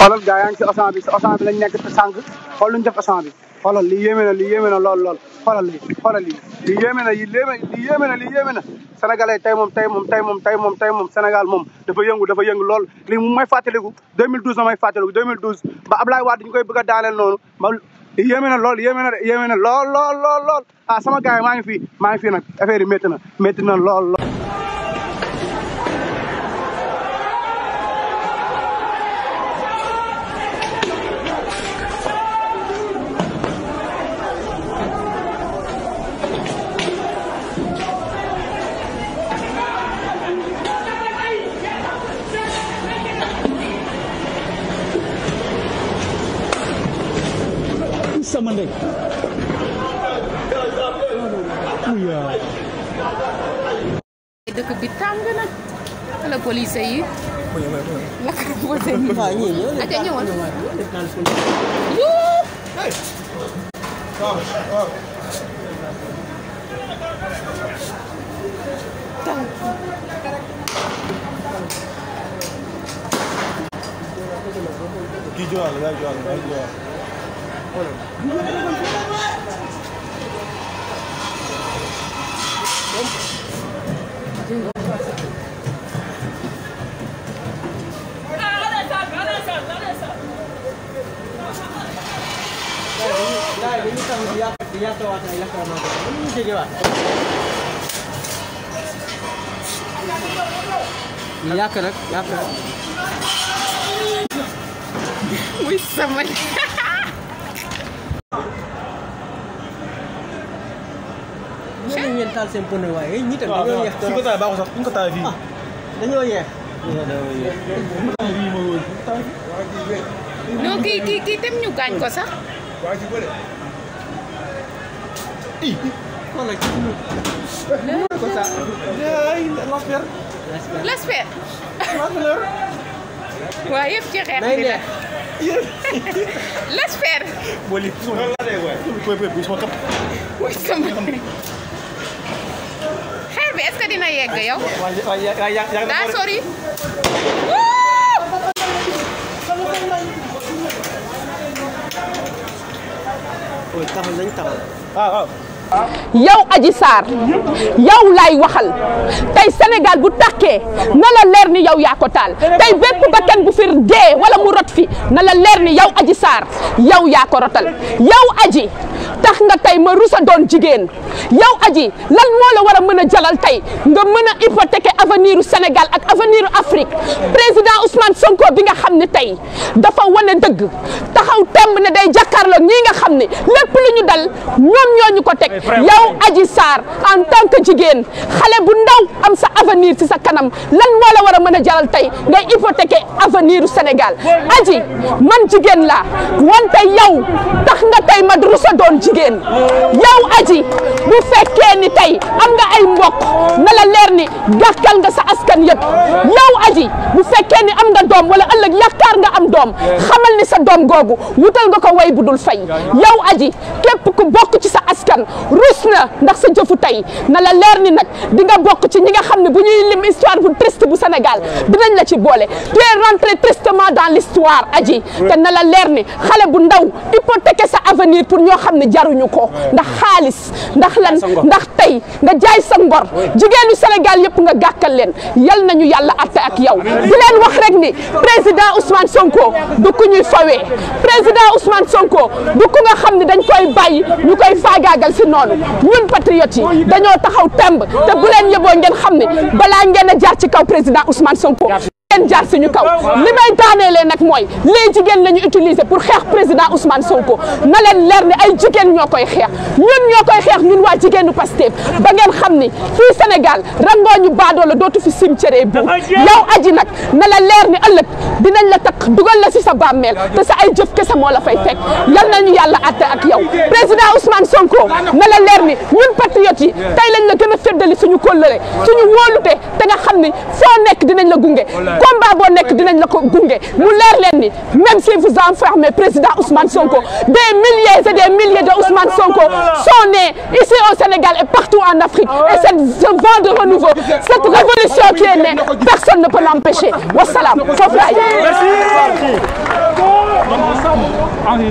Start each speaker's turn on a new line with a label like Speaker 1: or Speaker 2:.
Speaker 1: xoolal gaa yaa ngi si Auchan bi si Auchan bi lañ nekk sànq na lii yéeme na lool lool xoolal lii xoolal lii lii yéeme na lii yéeme tey moom tey moom tey moom tey moom tey moom sénégal moom dafa yëngu dafa yëngu lool lii mu may fàttaliku 2012 la may fàttaliku 2012 ba Ablaye Wade ñu koy bëgg a daaneel noonu ma yéeme na lool yéeme na na lool lool lool lool ah sama gars yi maa ngi fi maa ngi fii nag affaire yi métti na métti na lool sama ndey uyaa dëkk bi tàng na wala police yi lakk police yi ak ñëwoon ki joal ya joal ya joal yàq nag yàq nag muy sama taal seen pneu waaye ñi tam dañoo yeex fi ko taal baaxul sax fi ko taal fii dañoo yeex non kii kii kii tam ñu gaañ ko sax i wala ci ñu ko sa ay l'asper l'asper waa yëpp ci xeex bi la l'asper boli sama que dina yegg yow. daa laay waxal tey Sénégal bu tàkkee na la leer ni yow yaa taal tey bépp bakkan bu fir dee wala mu rot fi na la leer ni yow Adji Sarr yow yaa rotal yow Adji tax nga tay ma rusa doon jigéen yow aji lan moo la war a mën a jalal tey nga mën a hypothéquer avenir u Sénégal ak avenir u Afrique président Ousmane Sonko bi nga xam ni tey dafa wane dëgg taxaw temb ne day jàkkaarloog ñii nga xam ne lépp lu ñu dal ñoom ñoo ko teg yow aji Sarr en tant que jigéen xale bu ndaw am sa avenir ci sa kanam lan moo la war a mën a jaral tey ngay hypothéquer avenir u Sénégal Adji man jigéen laa wante yow tax nga tey ma rusa doon jigéen yow Adji bu fekkee ni tey am nga ay mbokk na la leer ni gàkkal nga sa askan yëpp yow Adji bu fekkee ni am nga doom wala ëllëg yaakaar nga am doom xamal ni sa doom googu wutal nga ko way bu dul fay yow aji képp ku bokk ci sa askan rus na ndax sa jëfu tey na la leer ni nag di nga bokk ci ñi nga xam ne bu ñuy lim histoire bu triste bu senegal dinañ la ci boole tu es rentré tristement dans l'histoire aji te na la leer ni xale bu ndaw hypothéquer sa avenir pour ñoo xam ne jaruñu ko ndax xaalis ndax lan ndax tey nga jaay sa ngor jigéenu Sénégal yëpp nga gàkkal leen yal nañu yàlla atte ak yow di leen wax rek ni président Ousmane Sonko du ku ñuy fawee président Ousmane Sonko du ku nga xam ne dañ koy bàyyi ñu koy faagaagal si noonu ñun patriotes yi dañoo taxaw temb te bu leen yëboo ngeen xam ne balaa ngeen a jaar ci kaw président Ousmane Sonko leen jaar suñu kaw li may daaneelee nag mooy les jigéen la ñu utiliser pour xeex président Ousmane Sonko na leen leer ne ay jigéen ñoo koy xeex ñun ñoo koy xeex ñun waa jigéenu Pastef ba ngeen xam ni fii Sénégal rangoo ñu baadoo la dootu fi cimetière bu yow aji nag na la leer ni ëllëg dinañ la takk dugal la si sa bàmmeel te sa ay jëf kese moo la fay fekk yal nañu yàlla àtte ak yow président Ousmane Sonko na la leer ni ñun patriotes yi tey lañ la gën a feddali suñu kóllëre suñu wóolute te nga xam ni foo nekk dinañ la gunge combat boo nekk dinañ la ko gunge mu leer leen ni même si vous enfermez président Ousmane Sonko des milliers et des milliers de Ousmane Sonko sont nés ici au Sénégal et partout en Afrique ah et cette vent renouveau cette révolution qui personne ne peut l'empêcher wasalaam foofu laay